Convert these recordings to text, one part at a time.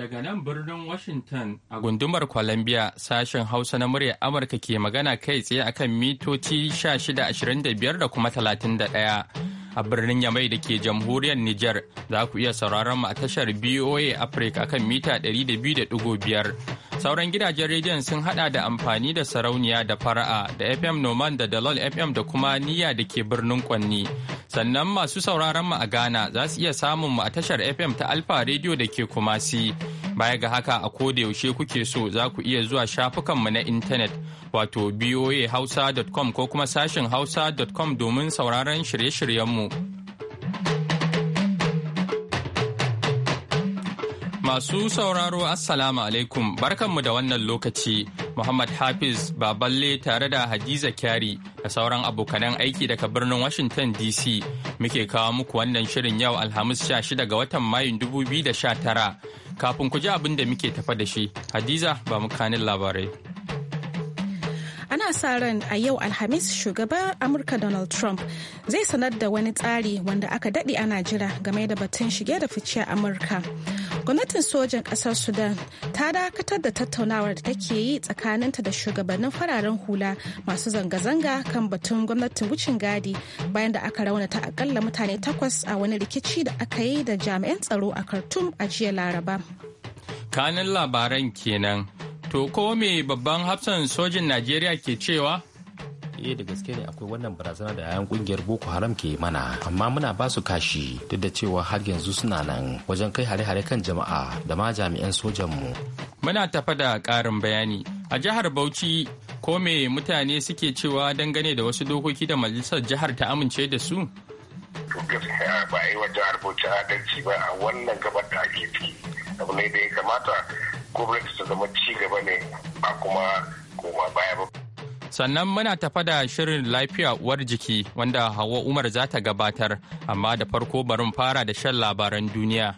daga nan birnin Washington a gundumar Columbia sashen Hausa na murya Amurka ke magana kai tsaye akan mitoci 1625 da kuma 31. a birnin Yamai da ke jamhuriyar Nijar za ku iya sauraron mu a tashar BOA Africa kan mita 200.5. Sauran gidajen rediyon sun hada da amfani da sarauniya da fara'a da FM Noman da Dalol FM da kuma Niyya da ke birnin Kwanni. Sannan masu sauraron mu a Ghana za su iya samun mu a tashar FM ta Alfa Radio da ke Kumasi. Baya ga haka a yaushe kuke so za ku iya zuwa shafukanmu na intanet wato hausa.com ko kuma sashin hausa.com domin sauraron shirye-shiryenmu. Masu sauraro Assalamu alaikum barkanmu da wannan lokaci Muhammad Hafiz Baballe tare da Hadiza Kyari da sauran abokanan aiki daga birnin Washington DC muke kawo muku wannan shirin yau Alhamis 16 ga watan sha 2019 kafin ku ji abin da muke tafa da shi Hadiza ba mu kanin labarai. sa ran a yau alhamis shugaban amurka donald trump zai sanar da wani tsari wanda aka daɗe ana jira game da batun shige da fice a amurka gwamnatin sojan ƙasar sudan ta dakatar da tattaunawar da take yi tsakaninta da shugabannin fararen hula masu zanga-zanga kan batun gwamnatin wucin gadi bayan da aka raunata akalla mutane takwas a wani rikici da aka yi da jami'an tsaro a khartoum a jiya laraba kanin labaran kenan To ko me babban hafsan sojin Najeriya ke cewa? eh da gaske ne akwai wannan barazana da yayan kungiyar boko haram ke mana amma muna ba su kashi duk da cewa har yanzu suna nan wajen kai hare-hare kan jama'a da ma jami'an sojan mu muna tafa da ƙarin bayani a jihar bauchi ko me mutane suke cewa dangane da wasu dokoki da majalisar jihar ta amince da su gaskiya ba yi wa jihar bauchi adalci ba a wannan gabar da ake fi abu ne da ya kamata gwamnati su zama ci gaba ne ba kuma koma baya ba. Sannan muna tafa da shirin lafiya uwar jiki wanda Hauwa Umar za ta gabatar, amma da farko barin fara da shan labaran duniya.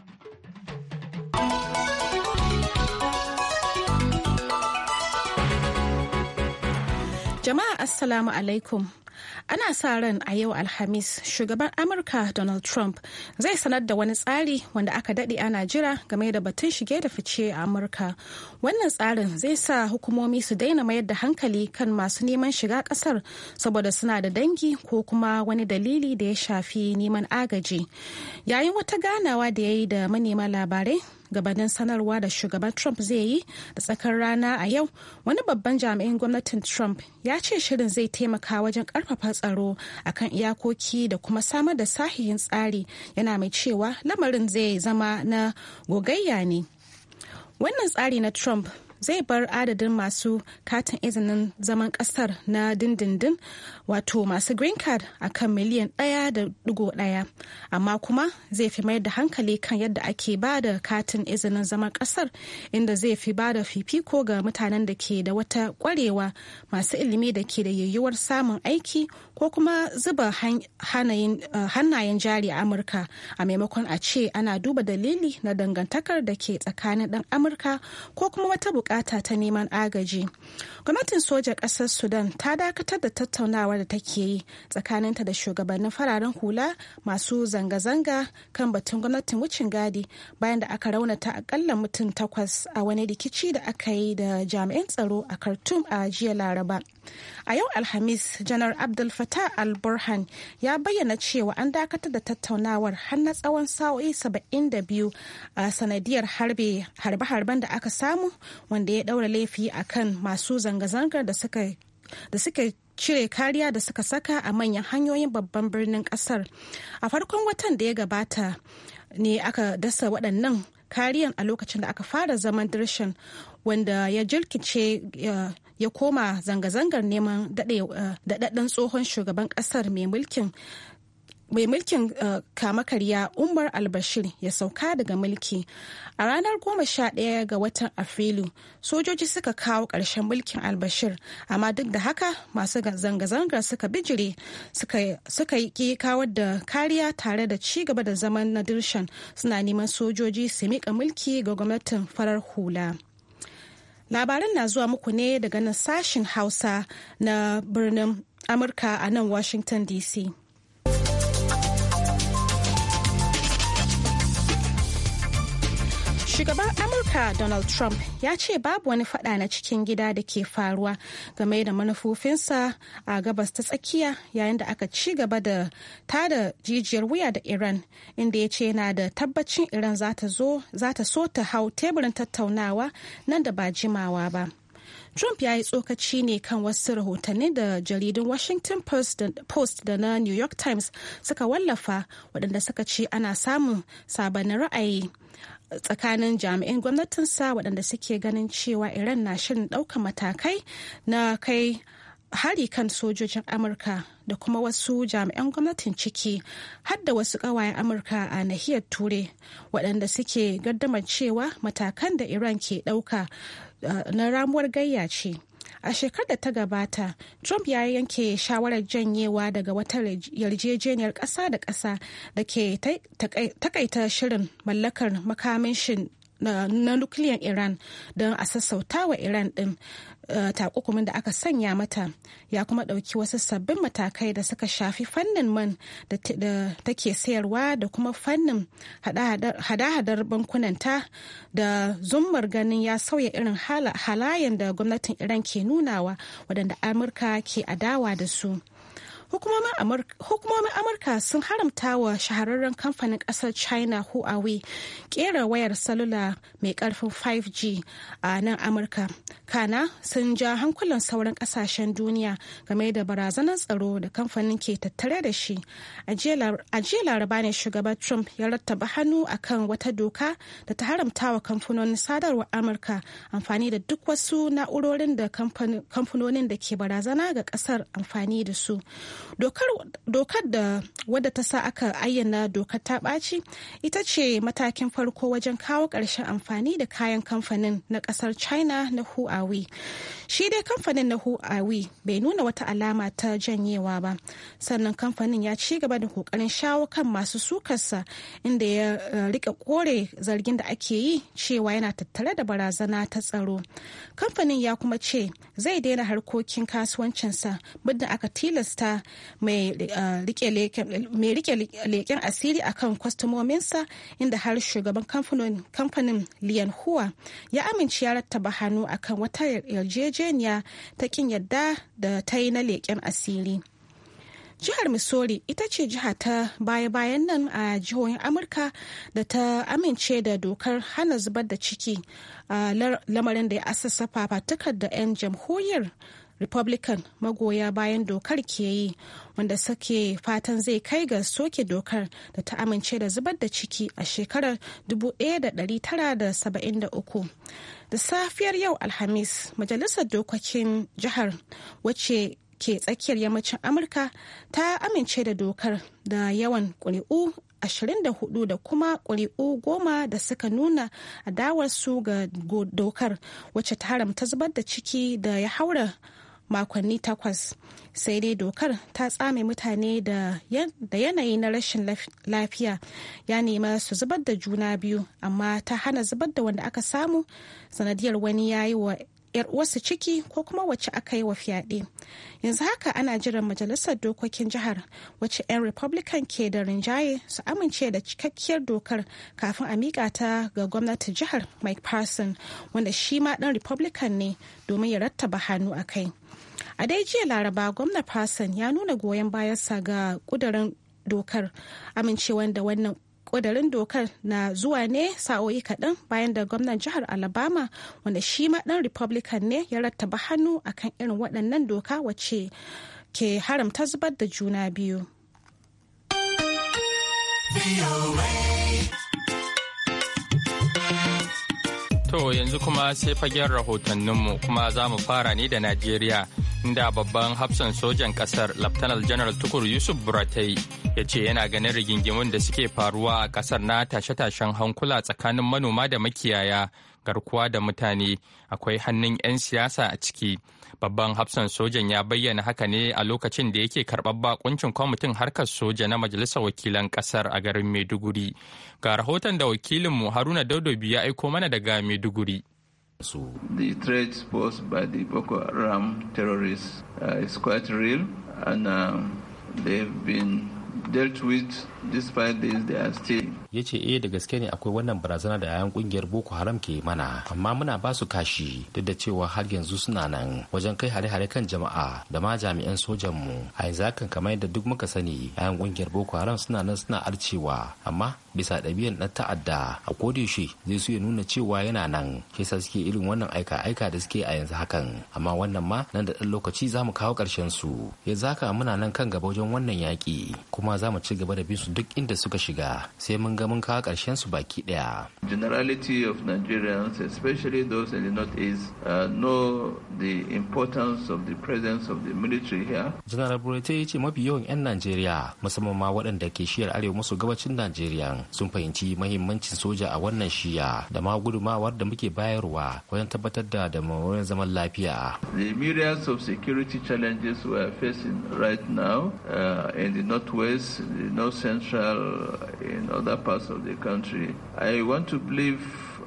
Jama'a Assalamu alaikum. ana sa ran a yau alhamis shugaban amurka donald trump zai sanar da wani tsari wanda aka daɗe ana jira game da batun shige da fice a amurka wannan tsarin zai sa hukumomi su daina mayar da hankali kan masu neman shiga ƙasar saboda suna da dangi ko kuma wani dalili da ya shafi neman agaji yayin wata ganawa da ya yi da manema labarai gabanin sanarwa da shugaban Trump zai yi da tsakar rana a yau, wani babban jami'in gwamnatin Trump ya ce shirin zai taimaka wajen karfafa tsaro akan iyakoki da kuma samar da sahihin tsari yana mai cewa lamarin zai zama na gogayya ne. Wannan tsari na Trump zai bar adadin masu katin izinin zaman kasar na dindindin wato masu green card a kan miliyan ɗaya da digo ɗaya amma kuma zai fi mayar da hankali kan yadda ake ba da katin izinin zaman kasar inda zai fi ba da fifiko ga mutanen da ke da wata kwarewa masu ilimi da ke da yayyuwar samun aiki ko kuma zuba eh, hannayen jari a amurka a maimakon a ce ana duba dalili na dangantakar da ke tsakanin dan amurka ko kuma wata bukata ta neman agaji gwamnatin soja ƙasar sudan ta dakatar da tattaunawa da take yi tsakaninta da shugabannin fararen hula masu zanga-zanga kan batun gwamnatin wucin gadi bayan da aka raunata akalla mutum takwas a wani rikici da aka yi da jami'an tsaro a khartoum a jiya laraba a yau alhamis janar abdul Fatah al-Burhan ya bayyana cewa an dakatar da tattaunawar har na tsawon sa'o'i 72 a sanadiyar harbe-harben da aka samu wanda ya daura laifi a kan masu zanga-zangar da suka cire kariya da suka saka a manyan hanyoyin babban birnin kasar a farkon watan da ya gabata ne aka dasa waɗannan kariyan a lokacin da aka fara zaman dirshin wanda ya jirkice ya koma zanga-zangar neman eh, daɗaɗɗen tsohon shugaban ƙasar mai mulkin mai mulkin eh, kama karya umar albashir ya sauka daga mulki a ranar goma sha ɗaya ga watan afrilu sojoji suka kawo ƙarshen mulkin albashir amma duk da haka masu zanga-zangar suka bijire suka yi kawar da kariya tare da ci gaba da zaman na dirshan suna neman sojoji su miƙa mulki ga gwamnatin farar hula. labaran na zuwa muku ne daga nan sashin hausa na birnin amurka a nan washington dc Shugaban Amurka Donald Trump ya ce babu wani fada na cikin gida da ke faruwa game da manufofinsa a gabas ta tsakiya yayin da aka ci gaba da tada jijiyar wuya da Iran inda ya ce yana da tabbacin Iran za ta so ta hau teburin tattaunawa nan da ba jimawa ba. Trump ya yi tsokaci ne kan wasu rahotanni da jaridun Washington Post da na New York Times suka wallafa waɗanda suka ce ana samun sabanin ra'ayi tsakanin jami'in sa waɗanda suke ganin cewa iran na shirin ɗaukar matakai na kai hari kan sojojin amurka da kuma wasu jami'an gwamnatin ciki har da wasu ƙawayen amurka a nahiyar ture waɗanda suke gardamar cewa matakan da iran ke ɗauka eh, na ramuwar gayya ce A shekarar da ta gabata, Trump ya yanke shawarar janyewa daga wata yarjejeniyar ƙasa da ƙasa da ke takaita shirin mallakar makamin na nukiliyan iran don a sassauta wa iran din eh, takunkumin da aka sanya mata ya kuma ɗauki wasu sabbin matakai da suka shafi fannin man da take sayarwa da kuma fannin hada-hadar bankunanta da zummar ganin ya sauya irin halayen da gwamnatin iran ke nunawa waɗanda amurka ke adawa da su hukumomin amurka sun haramta wa shahararren kamfanin kasar china huawei kera wayar salula mai karfin 5g a nan amurka kana sun ja hankulan sauran kasashen duniya game da barazanar tsaro da kamfanin ke tattare da shi a jiya laraba ne shugaban trump ya rattaba hannu akan wata doka da ta haramta wa kamfanonin sadarwar amurka amfani da duk wasu na'urorin da kamfanonin da ke barazana ga kasar amfani da su dokar da wadda ta sa aka ayyana dokar ta ɓaci ita ce matakin farko wajen kawo ƙarshen amfani da kayan kamfanin na ƙasar china na huawei shi dai kamfanin na huawei bai nuna wata alama ta janyewa ba sannan kamfanin ya ci gaba da ƙoƙarin shawo kan masu sukarsa inda ya eh, rika kore zargin da ake yi cewa yana tattare da barazana ta tsaro kamfanin ya kuma ce zai daina harkokin kasuwancinsa muddin aka tilasta Uh, mai rike leƙen asiri akan kwastomominsa inda har shugaban kamfanin liyan huwa ya amince ya rattaba hannu akan wata yarjejeniya ta kin yadda da ta yi na leƙen asiri jihar missouri ita ce jiha ta baya-bayan nan a jihohin amurka da ta amince da dokar hana zubar da ciki uh, lamarin da ya asasa fafatukar da 'yan jamhuriyar republican magoya bayan dokar ke yi wanda suke fatan zai kai ga soke dokar da ta amince da zubar da ciki a shekarar 1973 da safiyar yau alhamis majalisar dokokin jihar wacce ke tsakiyar yammacin amurka ta amince da dokar da yawan ƙuri'u 24 da kuma ƙuri'u 10 da suka nuna adawarsu ga dokar wacce ta haramta zubar da ciki da ya haura makonni takwas sai dai dokar ta tsame mutane da yanayi na rashin lafiya ya nema su zubar da juna biyu amma ta hana zubar da wanda aka samu sanadiyar wani ya yi wa yar uwarsu ciki ko kuma wacce aka yi wa fyaɗe yanzu haka ana jiran majalisar dokokin jihar wacce 'yan republican ke da rinjaye su amince da cikakkiyar dokar kafin a miƙa ta ga gwamnati jihar mike parson wanda shi ma ɗan republican ne domin ya rattaba hannu a kai a dai jiya laraba gwamna fasan ya nuna goyon bayansa ga kudurin dokar amincewan da wannan kudurin dokar na zuwa ne sa'o'i kaɗan bayan da gwamnan jihar alabama wanda shi ma ɗan republican ne ya rattaba hannu akan irin waɗannan doka wacce ke haramta zubar da juna biyu To yanzu kuma sai fagen rahotanninmu kuma za mu fara ne da Najeriya inda babban hafsan sojan kasar laftanar General tukur yusuf buratai ya ce yana ganin rigingimun da suke faruwa a kasar na tashe-tashen hankula tsakanin manoma da makiyaya garkuwa da mutane akwai hannun 'yan siyasa a ciki babban hafsan sojan ya bayyana haka ne a lokacin da yake karɓar bakuncin kwamitin harkar soja na majalisar wakilan ƙasar a garin maiduguri ga rahoton da wakilinmu haruna daudobi ya aiko mana daga maiduguri su. The threat posed by the Boko Haram terrorists uh, is quite real and uh, they've been dealt with despite this they are still. Ya eh da gaske ne akwai wannan barazana da yayan kungiyar Boko Haram ke mana amma muna ba su kashi duk da cewa har yanzu suna nan wajen kai hare-hare kan jama'a da ma jami'an sojan mu a yanzu hakan kamar yadda duk muka sani yayan kungiyar Boko Haram suna nan suna arcewa amma bisa ɗabi'an na ta'adda a kodiyoshe zai so ya nuna cewa yana nan ke sa suke irin wannan aika-aika da suke a yanzu hakan amma wannan ma nan da ɗan lokaci za mu kawo ƙarshen su yanzu haka muna nan kan gaba wajen wannan yaƙi kuma za mu ci gaba da bin su duk inda suka shiga sai mun ga mun kawo karshen su baki ɗaya. Generality of Nigerians especially those in the northeast uh, know the importance of the presence of the military here. General Burete ya ce mafi yawan 'yan Najeriya musamman ma waɗanda ke shiyar arewa maso gabacin Najeriya sun fahimci mahimmancin soja a wannan shiya da ma gudumawar da muke bayarwa wajen tabbatar da damarwar zaman lafiya. The myriads of security challenges we are facing right now uh, in the northwest is you know, central in other parts of the country. I want to believe,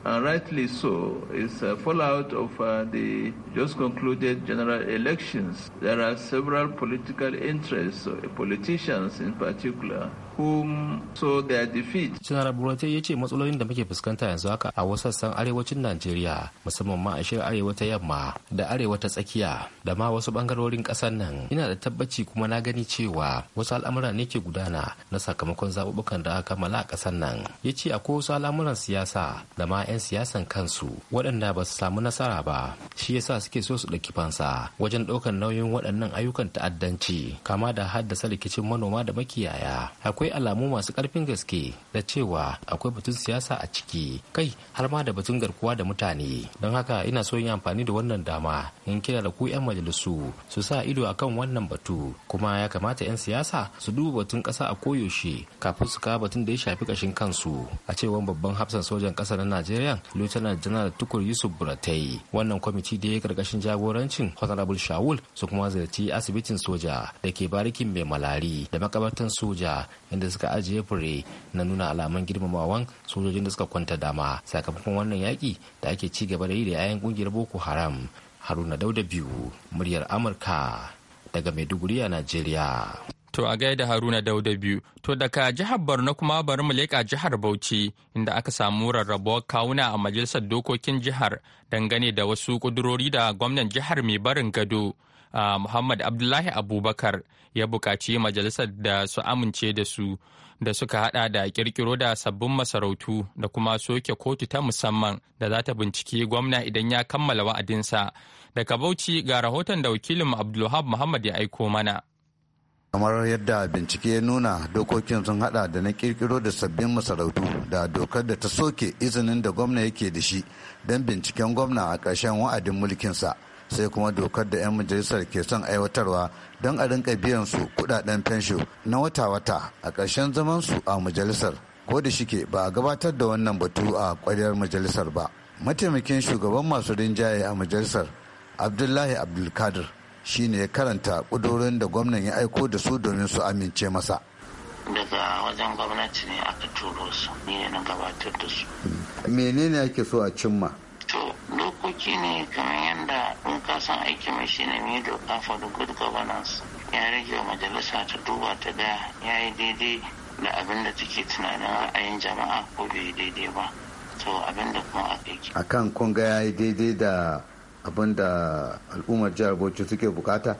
and rightly so, it's a fallout of uh, the just concluded general elections. There are several political interests, politicians in particular, whom so their defeat. Sinara Burate ya ce matsalolin da muke fuskanta yanzu haka a wasu sassan arewacin Najeriya musamman ma a shirin arewa ta yamma da arewa ta tsakiya da ma wasu bangarorin ƙasar nan ina da tabbaci kuma na gani cewa wasu al'amuran ne ke gudana na sakamakon zaɓuɓɓukan da aka kammala a ƙasar nan ya ce akwai wasu al'amuran siyasa da ma 'yan siyasan kansu waɗanda ba su samu nasara ba shi yasa suke so su ɗauki fansa wajen ɗaukar nauyin waɗannan ayyukan ta'addanci kama da haddasa rikicin manoma da makiyaya akwai akwai alamu masu karfin gaske da cewa akwai batun siyasa a ciki kai har ma da batun garkuwa da mutane don haka ina so yin amfani da wannan dama in kira da ku 'yan majalisu su sa ido akan wannan batu kuma ya kamata 'yan siyasa su duba batun ƙasa a koyaushe kafin su kawo batun da ya shafi ƙashin kansu a cewar babban hafsan sojan ƙasa na najeriya lieutenant general tukur yusuf buratai wannan kwamiti da ya karkashin jagorancin honorable shawul su kuma ziyarci asibitin soja da ke barikin mai malari da makabartan soja inda suka ajiye fure na nuna alaman girmamawan sojojin da suka kwanta dama sakamakon wannan yaki da ake ci gaba da yi da 'ya'yan ƙungiyar boko haram haruna dauda biyu muryar amurka daga maiduguri a nigeria. To a gaida Haruna Dauda biyu, to daga jihar Borno kuma bari mu leƙa jihar Bauchi inda aka samu rarrabuwar kawuna a majalisar dokokin jihar dangane da wasu ƙudurori da gwamnan jihar mai barin gado Muhammad Abdullahi Abubakar ya buƙaci majalisar da su amince da su da suka hada da kirkiro da sabbin masarautu da kuma soke kotu ta musamman da za ta binciki gwamna idan ya kammala wa'adinsa. Daga Bauchi ga rahoton da wakilin Abdulhab Muhammad ya aiko mana. kamar yadda bincike ya nuna dokokin sun hada da na kirkiro da sabbin masarautu da dokar da ta soke izinin da gwamna yake da shi don binciken gwamna a ƙarshen wa'adin mulkinsa sai kuma dokar da 'yan majalisar ke son aiwatarwa don a rinka biyan su kudaden fensho na wata-wata a ƙarshen zaman su a majalisar ko da shike ba a gabatar da wannan batu a kwaryar majalisar ba mataimakin shugaban masu rinjaye a majalisar abdullahi abdulkadir shine ya karanta kudurin da gwamnan ya aiko da su domin su amince masa daga wajen gwamnati ne aka turo su ne na gabatar da su menene ake so a cimma dokoki ne kamar yadda in ka san aiki mai shi ne mido for the good governance ya rage wa majalisa ta duba ta da ya yi daidai da abin da take tunanin ra'ayin jama'a ko bai daidai ba to abin da kuma aka yi a kun ga ya yi daidai da abin da al'ummar jihar bauchi suke bukata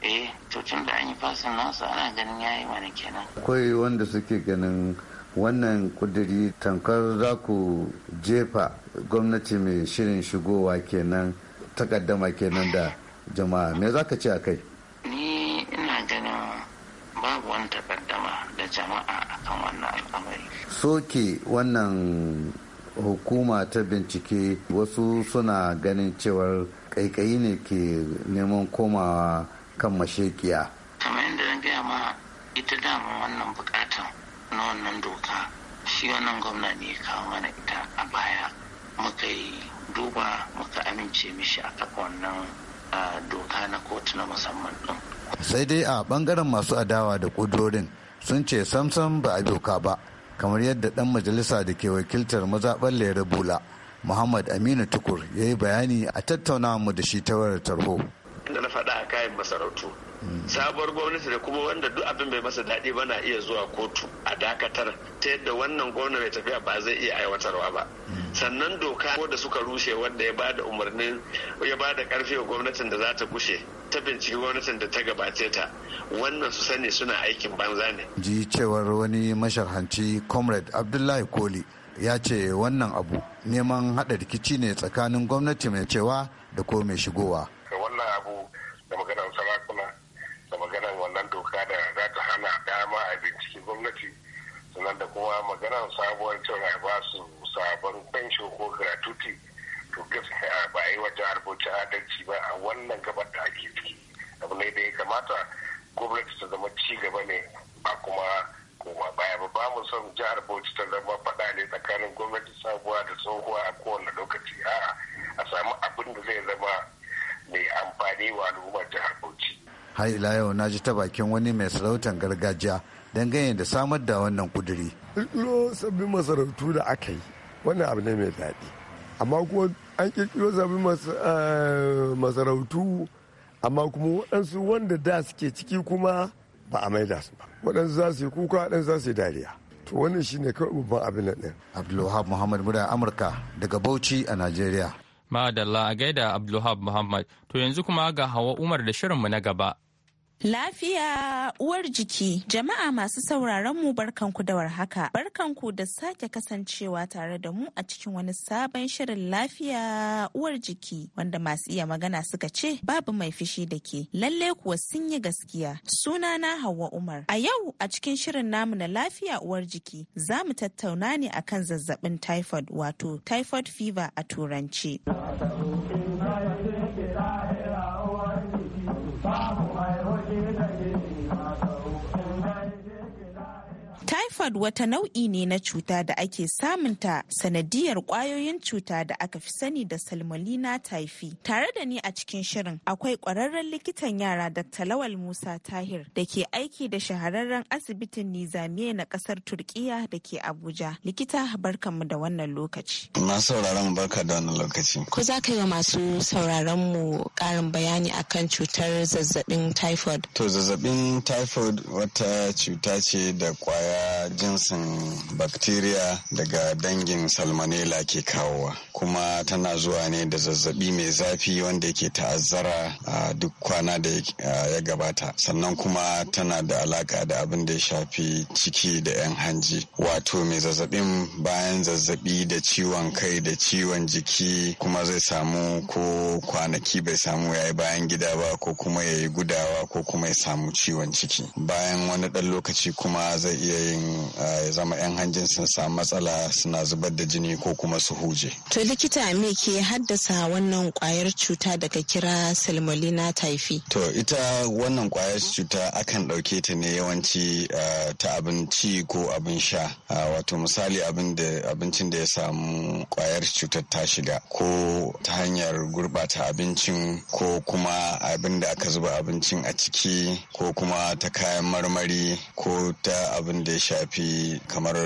eh to tun da an yi fasin nasa ana ganin ya yi mana kenan akwai wanda suke ganin wannan kuduri tankar za ku jefa gwamnati mai shirin shigowa kenan takaddama kenan da jama'a me za ka ce a kai ni ina ganin babu wani takaddama da jama'a akan wannan al'amari soke wannan hukuma ta bincike wasu suna ganin cewar kaikayi ne ke neman komawa kan mashekiya kamar yadda na gaya ma ita dama wannan bukata na wannan doka shi wannan gwamna ne ya kawo mana ita a baya muka yi duba muka amince mishi a kafa wannan doka na kotu na musamman din sai dai a bangaren masu adawa da kudurorin sun ce samsam ba a doka ba kamar yadda dan majalisa da ke wakiltar mazaɓar lera bula muhammad aminu tukur ya yi bayani a tattaunawa mu da shi ta wayar tarho inda na faɗa a kayan masarautu sabuwar gwamnati da kuma wanda duk abin bai masa daɗi ba na iya zuwa kotu a dakatar ta yadda wannan gwamna mai tafiya ba zai iya aiwatarwa ba sannan doka ko da suka rushe wanda ya bada umarnin ya bada karfi wa gwamnatin da za ta gushe ta binciki gwamnatin da ta gabace ta wannan su sani suna aikin banza ne ji cewar wani masharhanci comrade abdullahi koli ya ce wannan abu neman haɗa rikici ne tsakanin gwamnati mai cewa da ko mai shigowa magana sabuwar cewa ba su sabon fensho ko gratuity to gaskiya ba a yi wa jihar bauchi adalci ba a wannan gabar da ake ciki abu ne da ya kamata gwamnati ta zama ci gaba ne ba kuma koma baya ba ba mu son jihar bauchi ta zama faɗa ne tsakanin gwamnati sabuwa da tsohuwa a kowane lokaci a'a a samu abin da zai zama mai amfani wa al'ummar jihar bauchi har ila yau na ji ta bakin wani mai sarautar gargajiya don ganyen da samar da wannan kuduri. Ƙirƙiro sabbin masarautu da aka yi wannan abu ne mai daɗi amma kuma an ƙirƙiro sabbin eh, masarautu amma kuma waɗansu wanda da suke ciki kuma ba a maida su ba waɗansu za su yi kuka waɗansu za su yi dariya to wannan shi ne kawai babban abin nan ɗin. Abdulwahab Muhammad Mura Amurka daga Bauchi a Najeriya. Madalla a gaida Abdulhab Muhammad. To yanzu kuma ga Hawa Umar da shirinmu na gaba. Lafiya uwar jiki jama'a masu sauraron mu barkanku da warhaka barkanku da sake kasancewa tare da mu a cikin wani sabon shirin lafiya uwar jiki wanda masu iya magana suka ce babu mai fishi da ke lalle kuwa sun yi gaskiya suna na Hauwa Umar a yau a cikin shirin namu na lafiya uwar jiki za mu tattauna ne akan zazzabin typhoid wato typhoid fever a turanci. Thank you. Typhoid wata nau'i ne na cuta da ake samunta sanadiyar kwayoyin cuta da aka fi sani da salmonella typhi. Tare da ni a cikin shirin akwai kwararren likitan yara da talawal Musa Tahir da ke aiki da shahararren asibitin Nizamiye na kasar Turkiya da ke Abuja. Likita barkanmu da wannan lokaci. Masu sauraron barka da wannan lokaci. Ko za ka yi masu sauraron mu karin bayani akan cutar zazzabin typhoid? To zazzabin typhoid wata cuta ce da kwayoyin kwaya jinsin bakteriya daga dangin salmonella ke kawowa kuma tana zuwa ne da zazzabi mai zafi wanda ke ta'azzara a duk kwana da ya gabata sannan kuma tana da alaka da abin da ya shafi ciki da 'yan hanji wato mai zazzabin bayan zazzabi da ciwon kai da ciwon jiki kuma zai samu ko kwanaki bai samu ya yi bayan gida ba ko kuma ya yi gudawa ko kuma ya samu ciwon ciki bayan wani ɗan lokaci kuma zai iya iya yin zama 'yan hanjin sun samu matsala suna zubar da jini ko kuma su huje. To likita me ke haddasa wannan kwayar cuta daga kira salmolina typhi? To ita wannan kwayar cuta akan ɗauke ta ne yawanci ta abinci ko abin sha. Wato misali abincin da ya samu kwayar cutar ta shiga ko ta hanyar gurbata abincin ko kuma abin da aka zuba abincin a ciki ko kuma ta kayan marmari ko ta abin da ya shafi kamar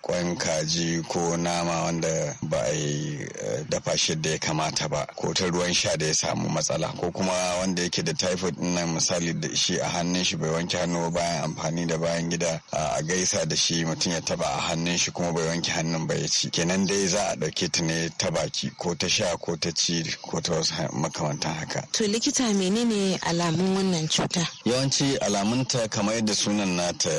kwan kaji ko nama wanda ba a yi eh, dafa shi da ya kamata ba ko ta ruwan sha da ya samu matsala ko kuma wanda yake da typhoid nan misali da shi a hannun shi bai wanke hannu bayan amfani da bayan gida a gaisa da shi mutum ya taba a hannun shi kuma bai wanke hannun ba ya ci kenan dai za a ɗauke ta ne ta baki ko ta sha ko ta ci ko ta wasu makamantan haka. To likita menene alamun wannan cuta? Yawanci alamunta kamar yadda sunan nata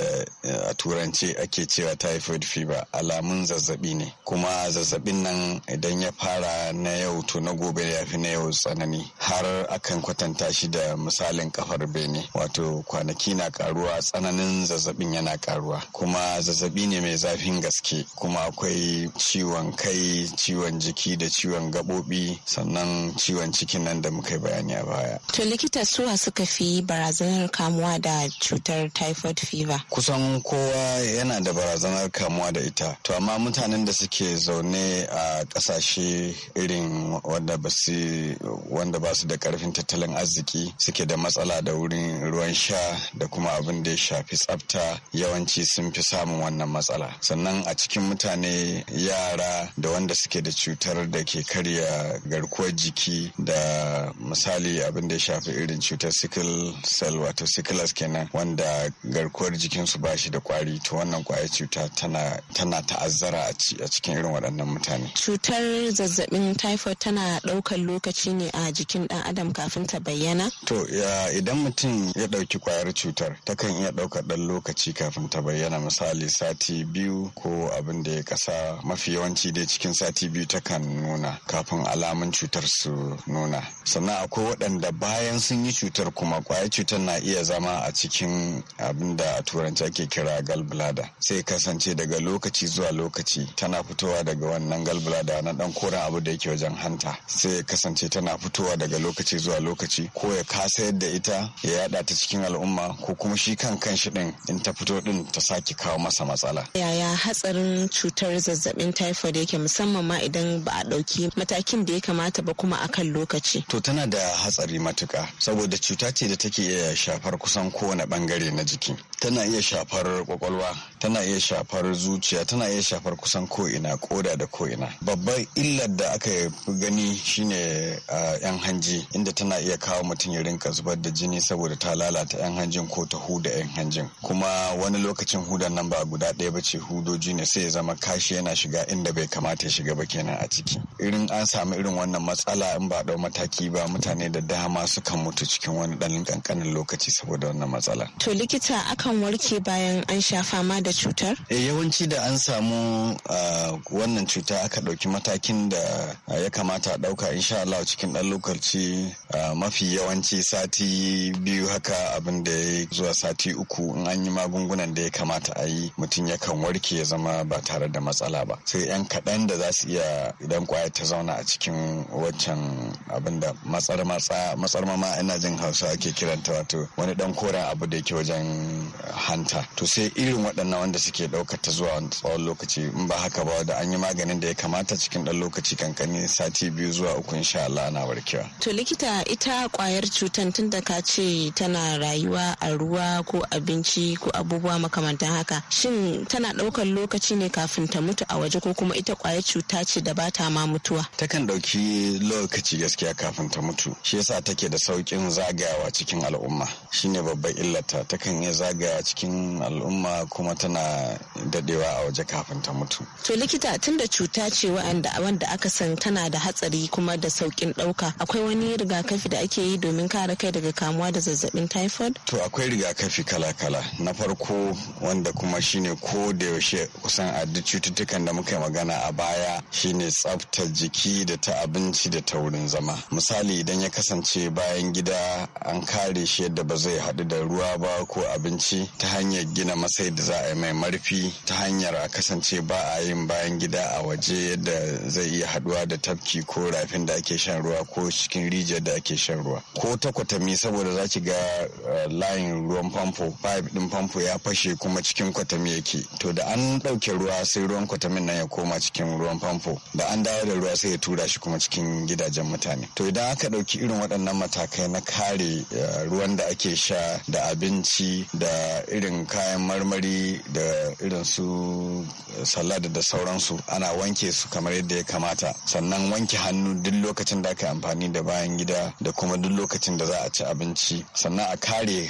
eh, turance ake cewa typhoid fever alamun zazzabi ne kuma zazzabin nan idan ya fara na yau to na gobe ya fi na yau tsanani har akan kwatanta shi da misalin kafar bene wato kwanaki na karuwa tsananin zazzabin yana karuwa kuma zazzabi ne mai zafin gaske kuma akwai ciwon kai ciwon jiki da ciwon gaɓoɓi sannan ciwon cikin nan da muka bayani a baya to likita suwa suka fi barazanar kamuwa da cutar typhoid fever kusan ko. kowa yana da barazanar kamuwa da ita to amma mutanen da suke zaune a kasashe irin wanda ba su wanda ba su da karfin tattalin arziki suke da matsala da wurin ruwan sha da kuma abin da ya shafi tsafta yawanci sun fi samun wannan matsala sannan a cikin mutane yara da wanda suke da cutar da ke karya garkuwar jiki da misali abin da ya shafi irin cutar sickle cell wato sickle kenan wanda garkuwar jikinsu ba shi da kwari tari to wannan kwaya cuta tana ta'azzara a cikin irin waɗannan mutane. Cutar zazzabin typhoid tana ɗaukar lokaci ne a jikin ɗan adam kafin ta bayyana? To idan mutum ya ɗauki kwayar cutar ta kan iya ɗaukar ɗan lokaci kafin ta bayyana misali sati biyu ko abin da ya kasa mafi yawanci dai cikin sati biyu ta kan nuna kafin alamun cutar su nuna. Sannan akwai waɗanda bayan sun yi cutar kuma kwayar cutar na iya zama a cikin abin da a turanci ake kira gallbladder sai kasance daga lokaci zuwa lokaci tana fitowa daga wannan galblada na dan koren abu da yake wajen hanta sai kasance tana fitowa daga lokaci zuwa lokaci ko ya kasa yadda ita ya yada ta cikin al'umma ko kuma shi kan kan shi din in ta fito din ta sake kawo masa matsala yaya hatsarin cutar zazzabin typhoid yake musamman ma idan ba a dauki matakin da ya kamata ba kuma akan lokaci to tana da hatsari matuka saboda cuta ce da take iya shafar kusan kowane bangare na jiki tana iya shafar kwakwalwa tana iya shafar zuciya tana iya shafar kusan ko'ina koda da ko'ina babbar illar da aka fi gani shine yan hanji inda tana iya kawo mutum ya rinka zubar da jini saboda ta lalata yan hanjin ko ta huda yan hanjin kuma wani lokacin hudan nan ba guda ɗaya bace hudoji ne sai ya zama kashi yana shiga inda bai kamata ya shiga ba kenan a ciki irin an samu irin wannan matsala in ba dau mataki ba mutane da dama sukan mutu cikin wani ɗan kankanin lokaci saboda wannan matsala to likita akan warke bayan an sha fama da cutar? Eh, yawanci da an samu wannan cuta aka ɗauki matakin da ya kamata a ɗauka insha Allah cikin ɗan lokaci mafi yawanci sati biyu haka abin da ya zuwa sati uku in an yi magungunan da ya kamata a yi mutum yakan warke ya zama ba tare da matsala ba sai 'yan kaɗan da za su iya idan kwaya ta zauna a cikin waccan abin da matsar matsar mama ina jin hausa ake kiranta wato wani dan koren abu da yake wajen hanta to sai irin waɗannan wanda suke ɗaukar ta zuwa tsawon lokaci in ba haka ba da an yi maganin da ya kamata cikin ɗan lokaci kankani sati biyu zuwa uku insha Allah ana warkewa. To likita ita kwayar cutan tun da ka ce tana rayuwa a ruwa ko abinci ko abubuwa makamantan haka shin tana ɗaukar lokaci ne kafin ta mutu a waje ko kuma ita kwayar cuta ce da ba ta ma mutuwa. Takan ɗauki lokaci gaskiya kafin ta mutu shi yasa take da saukin zagayawa cikin al'umma shine babban illata takan iya zagayawa cikin al'umma al'umma kuma tana dadewa a waje kafin ta mutu. To likita tun da cuta ce wanda aka san tana da hatsari kuma da saukin dauka akwai wani rigakafi da ake yi domin kare kai daga kamuwa da zazzabin taifod. To akwai rigakafi kala-kala na farko wanda kuma shine ko da yaushe kusan a duk cututtukan da muka yi magana a baya shine tsaftar jiki da ta abinci da ta wurin zama. Misali idan ya kasance bayan gida an kare shi yadda ba zai haɗu da ruwa ba ko abinci ta hanyar gina masa sai da za a yi mai marfi ta hanyar a kasance ba a yin bayan gida a waje yadda zai iya haduwa da tafki ko rafin da ake shan ruwa ko cikin rijiyar da ake shan ruwa ko ta kwatami saboda za ki ga eh, layin ruwan famfo pipe din famfo ya fashe kuma cikin kwatami yake to da an ɗauke ruwa sai ruwan kwatamin nan ya koma cikin ruwan famfo da an dawo da ruwa sai ya tura shi kuma cikin gidajen mutane to idan aka ɗauki irin waɗannan matakai na kare eh, ruwan da ake sha da abinci da irin kayan mara marmari da irin su eh, salad da sauransu ana wanke su kamar yadda ya kamata sannan wanke hannu duk lokacin da aka amfani da bayan gida da kuma duk lokacin da za a ci abinci sannan a kare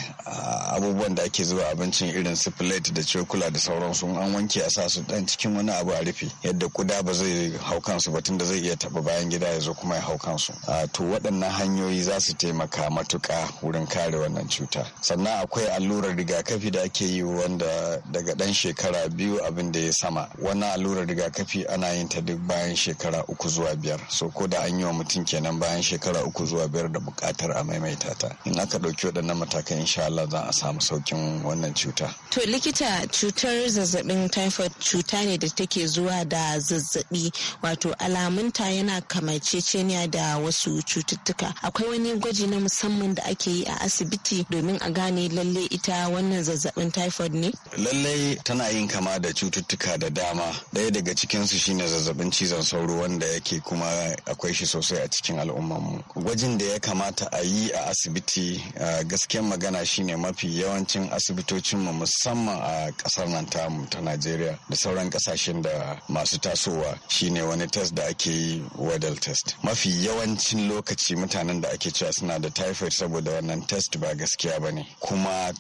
abubuwan da ake zuwa abincin irin su plate da cokula da sauransu an wanke a sa su dan cikin wani abu a rufe yadda kuda ba zai hau kansu ba tunda zai iya taba bayan gida ya zo kuma ya hau kansu to waɗannan hanyoyi za su taimaka matuƙa wurin kare wannan cuta sannan akwai allurar rigakafi da ake yi wanda da daga ɗan shekara biyu abin da ya sama wannan allurar rigakafi ana yin ta duk bayan shekara uku zuwa biyar so ko da an yi wa mutum kenan bayan shekara uku zuwa biyar da buƙatar a maimaita ta in aka ɗauki waɗannan matakan insha Allah za a samu saukin wannan cuta. To likita cutar zazzabin typhoid cuta ne da take zuwa da zazzabi wato alamunta yana kamaceceniya da wasu cututtuka akwai wani gwaji na musamman da ake yi a asibiti domin a gane lalle ita wannan zazzabin typhoid ne Lallai tana yin kama da cututtuka da dama. Ɗaya daga cikinsu shine zazzabin cizon sauro wanda yake kuma akwai shi sosai a cikin al'ummarmu. Gwajin da ya kamata a yi a asibiti gaskiyan magana shine mafi yawancin asibitocinmu musamman a ƙasar nan tamu ta Najeriya da sauran kasashen da masu tasowa shine wani test da ake yi wadal test. Mafi yawancin lokaci mutanen da ake cewa suna da typhoid saboda wannan test ba gaskiya ba ne. Kuma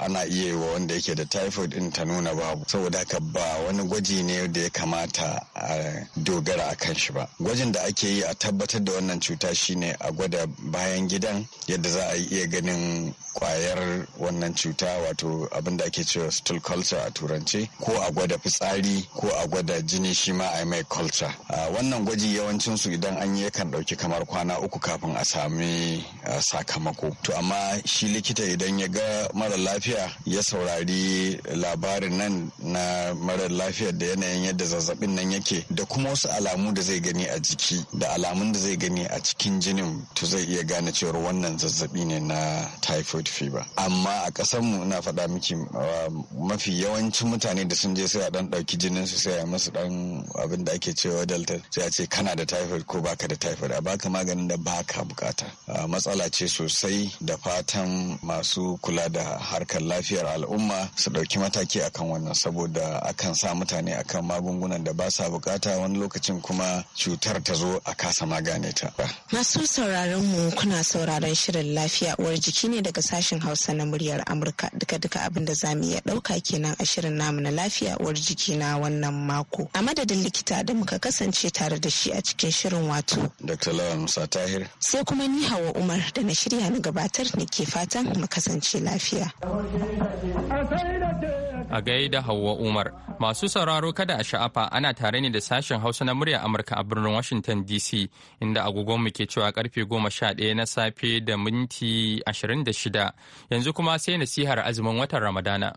ana iya yi wa wanda yake da typhoid din ta nuna babu saboda haka ba wani gwaji ne da ya kamata a dogara a kan shi ba gwajin da ake yi a tabbatar da wannan cuta shine a gwada bayan gidan yadda za a iya ganin kwayar wannan cuta wato abin da ake cewa still culture a turance ko a gwada fitsari ko a gwada jini shi ma a mai culture wannan gwaji yawancin su idan an yi kan dauki kamar kwana uku kafin a sami sakamako to amma shi likita idan ya ga mara lafiya ya saurari labarin nan na marar lafiyar da yanayin yadda zazzabin nan yake da kuma wasu alamu da zai gani a jiki da alamun da zai gani a cikin jinin to zai iya gane cewar wannan zazzabi ne na typhoid fever amma a mu ina faɗa miki uh, mafi yawancin mutane da sun je sai a dan ɗauki jinin su sai a musu dan abin da ake cewa delta sai a ce kana da typhoid ko baka da typhoid a baka maganin da baka bukata uh, matsala ce sosai da fatan masu kula da harkar lafiyar al'umma su ɗauki mataki akan wannan saboda akan sa mutane akan magungunan da ba sa bukata wani lokacin kuma cutar ta zo a kasa magane ta. Masu sauraron mu kuna sauraron shirin lafiya uwar jiki ne daga sashen Hausa na muryar Amurka duka duka abin da za mu iya ɗauka kenan a shirin namu na lafiya uwar jiki na wannan mako. A madadin likita da muka kasance tare da shi a cikin shirin wato. Dr. Lawan Musa Tahir. Sai kuma ni Hawa Umar da na shirya na gabatar ne ke fatan mu kasance lafiya. a gaida Hauwa Umar. Masu sauraro kada a sha'afa ana tare ne da sashen Hausa na murya Amurka a birnin Washington DC inda agogon mu ke cewa karfe 11 na safe da minti 26. Yanzu kuma sai nasihar azumin watan Ramadana.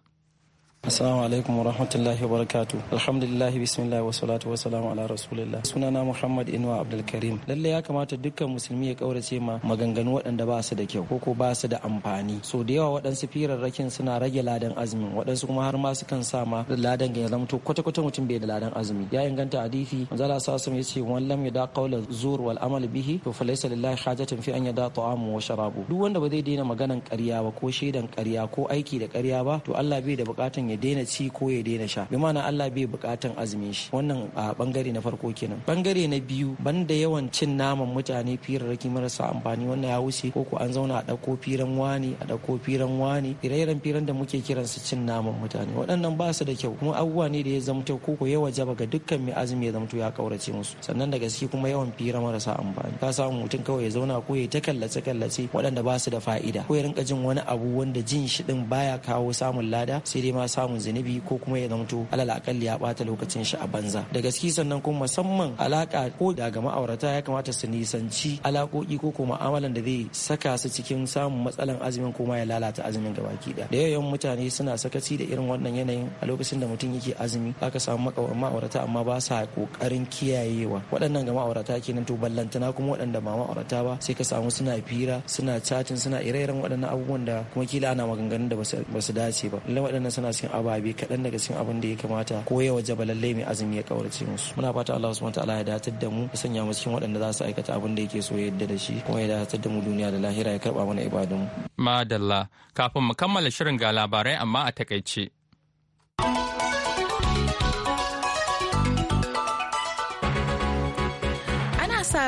Assalamu alaikum wa rahmatullahi wa barakatu. Alhamdulillah bismillah wa salatu wa salamu ala rasulillah. Sunana Muhammad Inuwa Abdulkarim. Lalle ya kamata dukkan musulmi ya kaurace ma maganganu waɗanda ba su da kyau ko ko ba su da amfani. So da yawa waɗansu firarrakin suna rage ladan azumin waɗansu kuma har ma su kan sa ma ladan ga ya to kwata kwata mutum bai da ladan azumi. Ya inganta hadisi manzo Allah sa alaihi yace wan lam yada qawla zur wal amal bihi to laysa lillahi hajatun fi an yada ta'amu wa sharabu. Duk wanda ba zai daina maganan ƙarya ba ko shaidan ƙarya ko aiki da ƙarya ba to Allah bai da buƙatan ya daina ci ko ya daina sha bi ma'ana Allah bai bukatan azumin shi wannan a bangare na farko kenan bangare na biyu banda yawan cin naman mutane firarraki marasa amfani wannan ya wuce ko ko an zauna a dauko firan wani a dauko firan wani ire firan da muke kiran su cin naman mutane waɗannan ba su da kyau kuma abubuwa ne da ya zamto ko ko waje ga dukkan mai azumi ya zamto ya kaurace musu sannan da gaske kuma yawan fira marasa amfani ka samu mutum kawai ya zauna ko ya ta kallace kallace waɗanda ba su da fa'ida ko ya rinka jin wani abu wanda jin shi din baya kawo samun lada sai dai ma samun zunubi ko kuma ya zamto alal akalli ya bata lokacin shi a banza da gaske sannan kuma musamman alaka ko da ma'aurata ya kamata su nisanci alakoki ko kuma amalan da zai saka su cikin samun matsalan azumin ko ma ya lalata azumin gabaki daya da yawan mutane suna sakaci da irin wannan yanayin a lokacin da mutum yake azumi aka samu ma'aurata amma ba sa kokarin kiyayewa waɗannan ga ma'aurata kenan to ballantana kuma waɗanda ba ma'aurata ba sai ka samu suna fira suna catin suna ire-iren waɗannan abubuwan da kuma kila ana maganganun da ba su dace ba lallai waɗannan suna cikin cikin ababe kaɗan daga cikin abin da ya kamata ko ya waje lallai mai azumi ya kaurace musu muna fata Allah subhanahu wataala ya datar da mu ya sanya mu cikin waɗanda za su aikata abin da yake so ya yadda da shi kuma ya datar da mu duniya da lahira ya karba mana ibadun mu madalla kafin mu kammala shirin ga labarai amma a takaice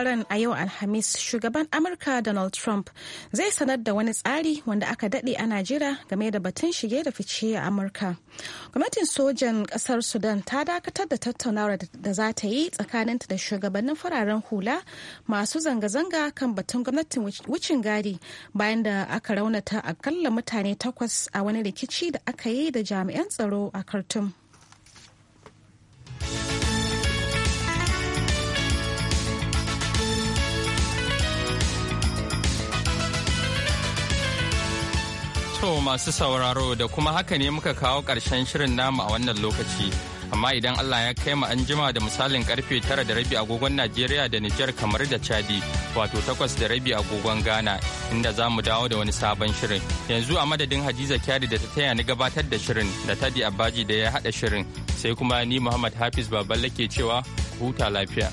ran a yau Alhamis, shugaban Amurka Donald Trump zai sanar da wani tsari wanda aka daɗe a jira game da batun shige da fice a Amurka. Gwamnatin sojan ƙasar Sudan ta dakatar da tattaunawar da za ta yi tsakaninta da shugabannin fararen hula masu zanga-zanga kan batun gwamnatin wucin gadi bayan da aka raunata akalla mutane takwas a wani rikici da aka yi da jami'an tsaro a kartun To masu sauraro da kuma haka ne muka kawo ƙarshen shirin namu a wannan lokaci. Amma idan Allah ya kai mu an jima da misalin karfe tara da rabi agogon Najeriya da Nijar kamar da Chadi wato takwas da rabi agogon Ghana inda zamu dawo da wani sabon shirin. Yanzu a madadin Hadiza Kyari da ta taya ni gabatar da shirin da Tadi Abaji da ya haɗa shirin sai kuma ni Muhammad Hafiz Baballe ke cewa huta lafiya.